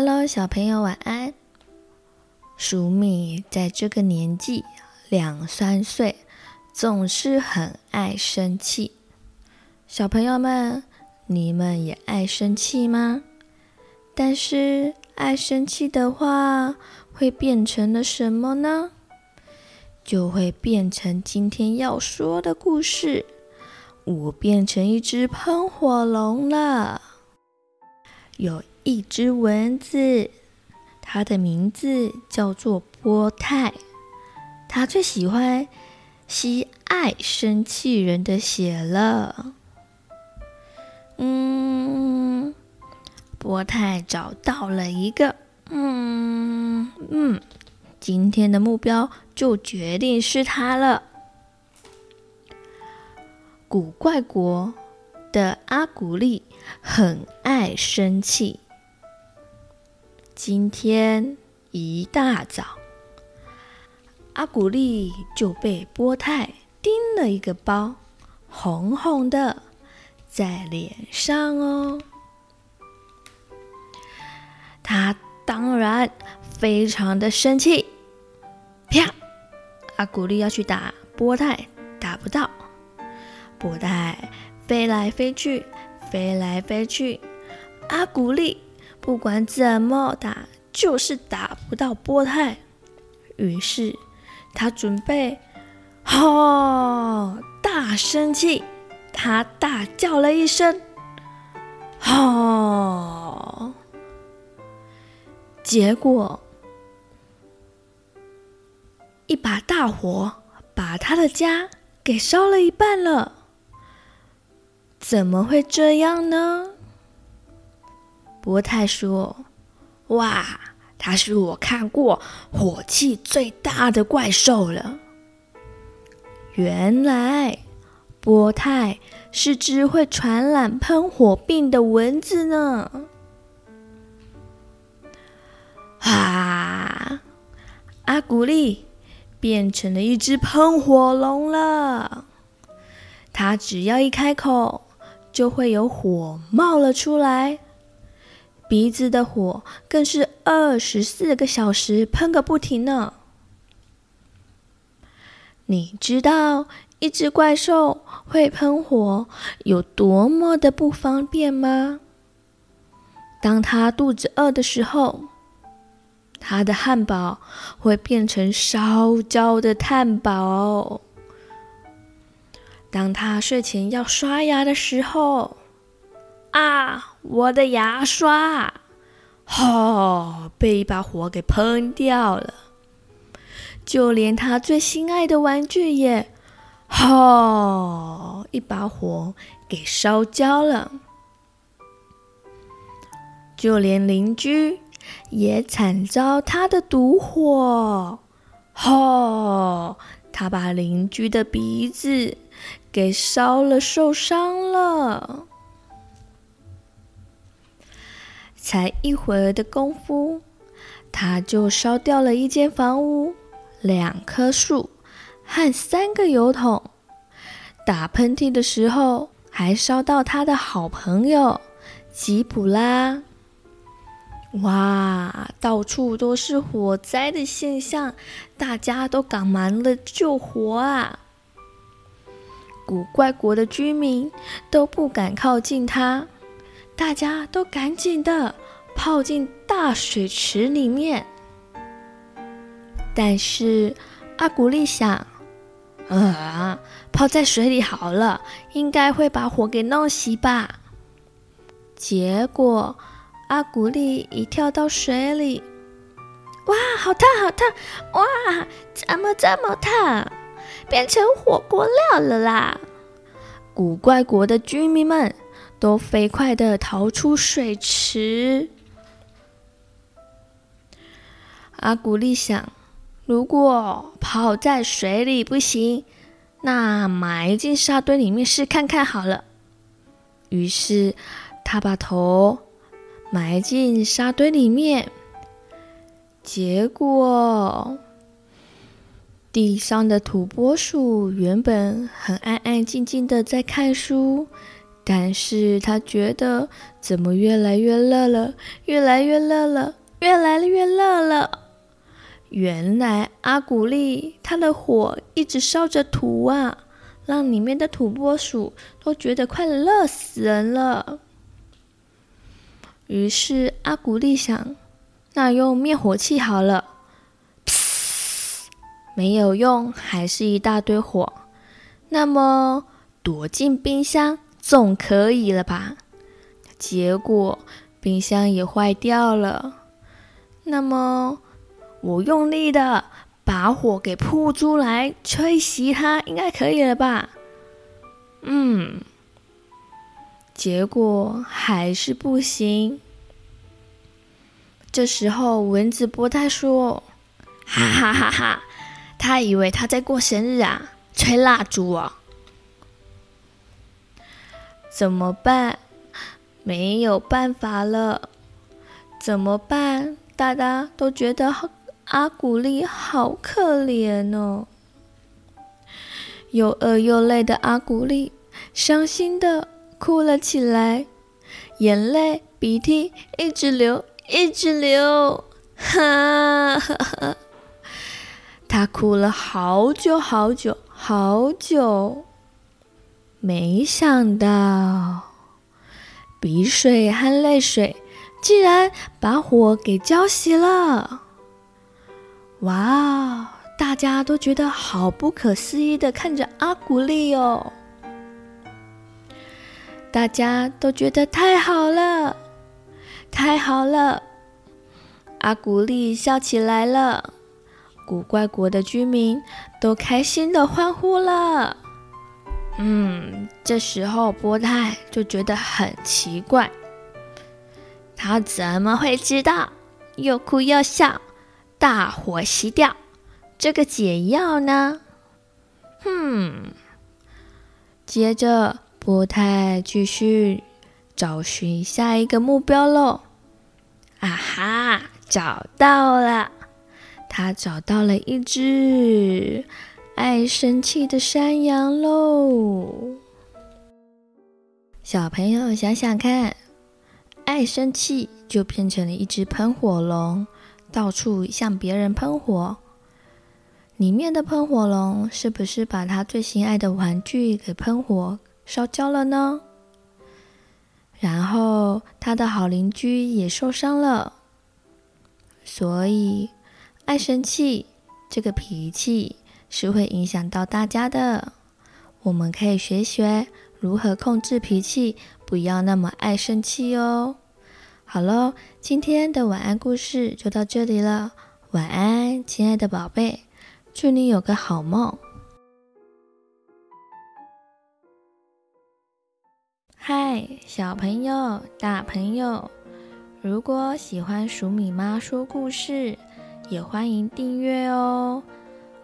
哈囉，小朋友晚安。黍米在這個年紀兩三歲，總是很愛生氣。小朋友們，你們也愛生氣嗎？但是愛生氣的話，會變成了什麼呢？就會變成今天要說的故事。我變成一隻噴火龍了。有。一隻蚊子，它的名字叫做波泰，它最喜歡吸愛生氣人的血了。嗯，波泰找到了一個，嗯嗯，今天的目標就決定是它了。古怪國的阿古力很愛生氣。今天一大早，阿古力就被波泰叮了一個包，紅紅的在臉上哦。他當然非常的生氣，啪！阿古力要去打波泰，打不到，波泰飛來飛去，飛來飛去，阿古力。不管怎麼打，就是打不到波泰。於是他準備，好、哦、大生氣，他大叫了一聲，好、哦、結果一把大火把他的家給燒了一半了。怎麼會這樣呢？波泰說：“哇，它是我看過火氣最大的怪獸了。原來波泰是隻會傳染噴火病的蚊子呢。”啊，阿古力變成了一隻噴火龍了。它只要一開口，就會有火冒了出來。鼻子的火更是二十四個小時噴個不停呢。你知道一隻怪獸會噴火有多麼的不方便嗎？當他肚子餓的時候，他的漢堡會變成燒焦的碳堡。當他睡前要刷牙的時候，啊！我的牙刷，哈、哦，被一把火給噴掉了。就連他最心愛的玩具也，哈、哦，一把火給燒焦了。就連鄰居也慘遭他的毒火，哈、哦，他把鄰居的鼻子給燒了，受傷了。才一會兒的功夫，他就燒掉了一間房屋、兩棵樹和三個油桶。打噴嚏的時候，還燒到他的好朋友吉普拉。哇，到處都是火災的現象，大家都趕忙的救火啊！古怪國的居民都不敢靠近他。大家都趕緊的泡進大水池裡面，但是阿古力想，啊，泡在水裡好了，應該會把火給弄熄吧。結果阿古力一跳到水裡，哇，好燙，好燙，哇，怎麼這麼燙？變成火鍋料了啦！古怪國的居民們。都飛快地逃出水池。阿古力想，如果泡在水裡不行，那埋進沙堆裡面試看看好了。於是，他把頭埋進沙堆裡面。結果，地上的土撥鼠原本很安安靜靜地在看書。但是他覺得怎麼越來越熱了，越來越熱了，越來越熱了。原來阿古力他的火一直燒着土啊，讓裡面的土撥鼠都覺得快熱死人了。於是阿古力想，那用滅火器好了嘶。沒有用，還是一大堆火。那麼躲進冰箱。總可以了吧？結果冰箱也壞掉了。那麼我用力的把火給撲出來，吹熄它，應該可以了吧？嗯，結果還是不行。這時候蚊子波泰說：“哈哈哈哈，他以為他在過生日啊，吹蠟燭哦、啊。”怎麼辦？沒有辦法了。怎麼辦？大家都覺得阿古力好可憐哦。又餓又累的阿古力傷心的哭了起來，眼淚、鼻涕一直流，一直流。他哭了好久好久好久。好久。沒想到，鼻水和淚水竟然把火給澆熄了！哇，大家都覺得好不可思議的看着阿古力哦。大家都覺得太好了，太好了！阿古力笑起來了，古怪國的居民都開心的歡呼了。嗯，這時候波泰就覺得很奇怪，他怎麼會知道？又哭又笑，大火熄掉這個解藥呢？哼、嗯！接着波泰繼續找尋下一個目標嘍。啊哈，找到了，他找到了一隻。愛生氣的山羊嘍！小朋友想想看，愛生氣就變成了一隻噴火龍，到處向別人噴火。裡面的噴火龍是不是把他最心愛的玩具給噴火燒焦了呢？然後他的好鄰居也受傷了。所以，愛生氣這個脾氣。是會影響到大家的，我們可以學學如何控制脾氣，不要那麼愛生氣哦。好嘍，今天的晚安故事就到這裡了，晚安，親愛的寶貝，祝你有個好夢。嗨，小朋友、大朋友，如果喜歡黍米媽說故事，也歡迎訂閱哦。